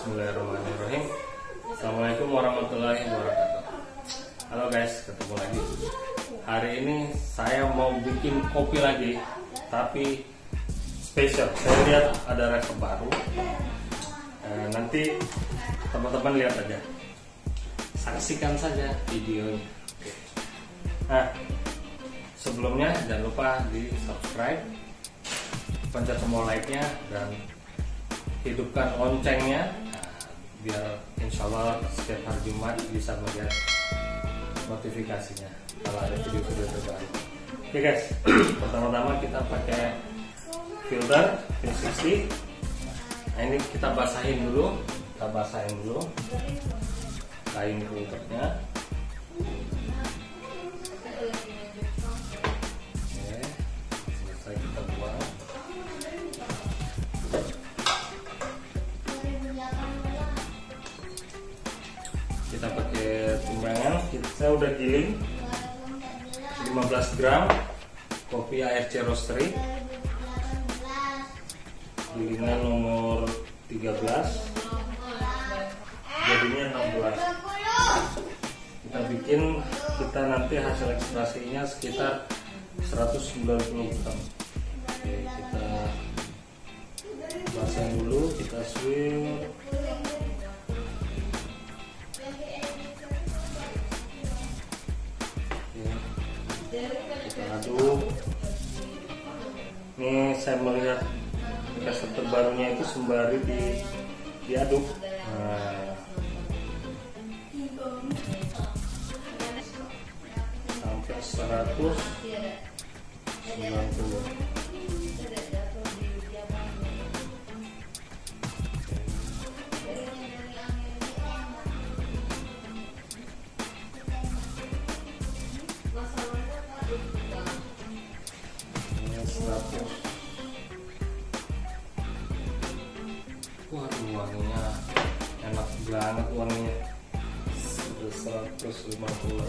Bismillahirrahmanirrahim Assalamualaikum warahmatullahi wabarakatuh Halo guys, ketemu lagi Hari ini saya mau bikin kopi lagi Tapi spesial Saya lihat ada resep baru eh, Nanti teman-teman lihat aja Saksikan saja videonya Nah, sebelumnya jangan lupa di subscribe pencet tombol like-nya dan hidupkan loncengnya biar insya Allah setiap hari Jumat bisa melihat notifikasinya kalau ada video-video terbaru oke okay guys pertama-tama kita pakai filter 360 nah ini kita basahin dulu kita basahin dulu kain filternya saya udah giling 15 gram kopi ARC Roastery gilingan nomor 13 jadinya 16 kita bikin kita nanti hasil ekstrasinya sekitar 190 gram Oke, kita basahin dulu kita swing aduk ini saya melihat resep terbarunya itu sembari di diaduk nah, sampai 190 banget uangnya seratus lima puluh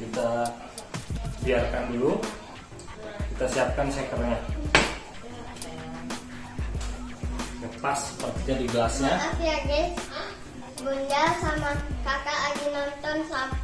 kita biarkan dulu kita siapkan shakernya lepas sepertinya di gelasnya maaf ya guys bunda sama kakak lagi nonton sampai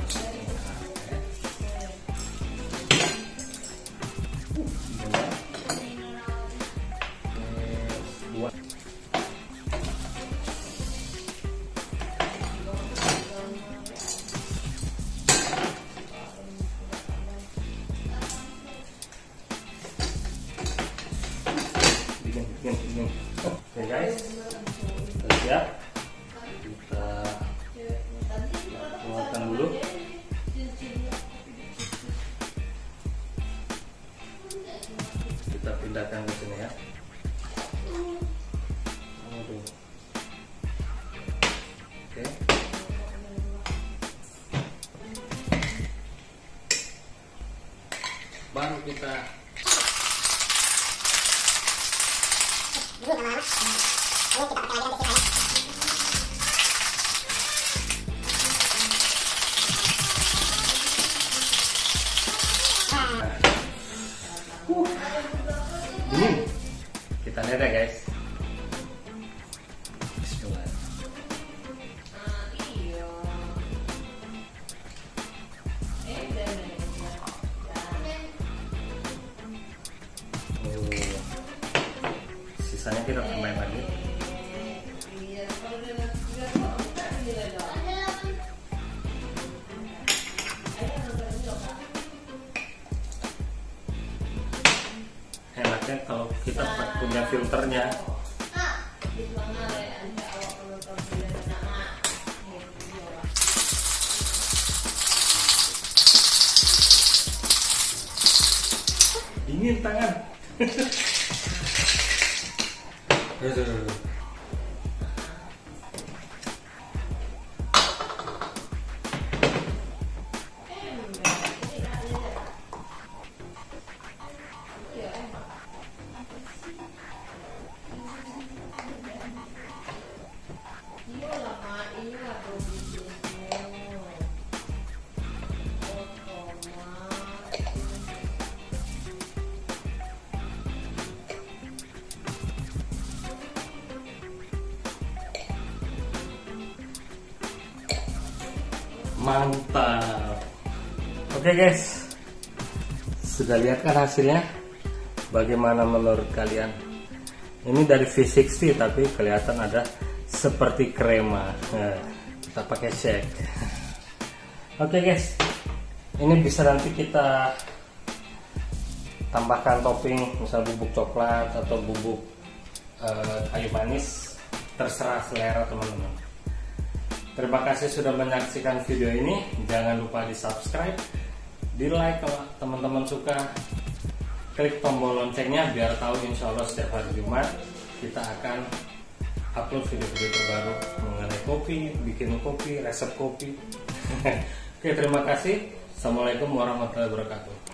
Oke guys. Sudah siap. Kita keluarkan dulu. Kita pindahkan ke sini ya. Baru kita ini kita pakai lagi nanti sisanya Hmm. Kita lihat ya guys. punya filternya dingin tangan mantap oke okay guys sudah lihat kan hasilnya bagaimana menurut kalian ini dari V60 tapi kelihatan ada seperti krema nah, kita pakai shake oke okay guys ini bisa nanti kita tambahkan topping misal bubuk coklat atau bubuk eh, kayu manis terserah selera teman-teman Terima kasih sudah menyaksikan video ini. Jangan lupa di subscribe, di like kalau teman-teman suka. Klik tombol loncengnya biar tahu insya Allah setiap hari Jumat kita akan upload video-video terbaru mengenai kopi, bikin kopi, resep kopi. Oke terima kasih. Assalamualaikum warahmatullahi wabarakatuh.